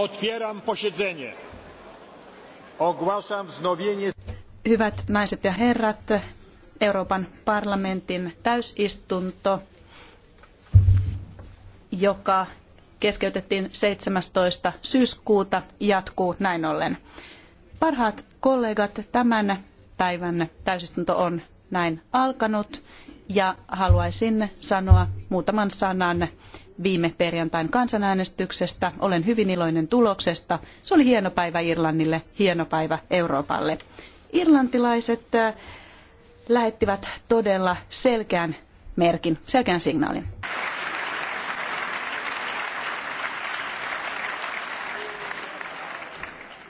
Otwieram posiedzenie. Ogłaszam wznowienie. Hyvät naiset ja herrat, Euroopan parlamentin täysistunto, joka keskeytettiin 17. syyskuuta, jatkuu näin ollen. Parhaat kollegat, tämän päivän täysistunto on näin alkanut ja haluaisin sanoa muutaman sanan viime perjantain kansanäänestyksestä. Olen hyvin iloinen tuloksesta. Se oli hieno päivä Irlannille, hieno päivä Euroopalle. Irlantilaiset äh, lähettivät todella selkeän merkin, selkeän signaalin.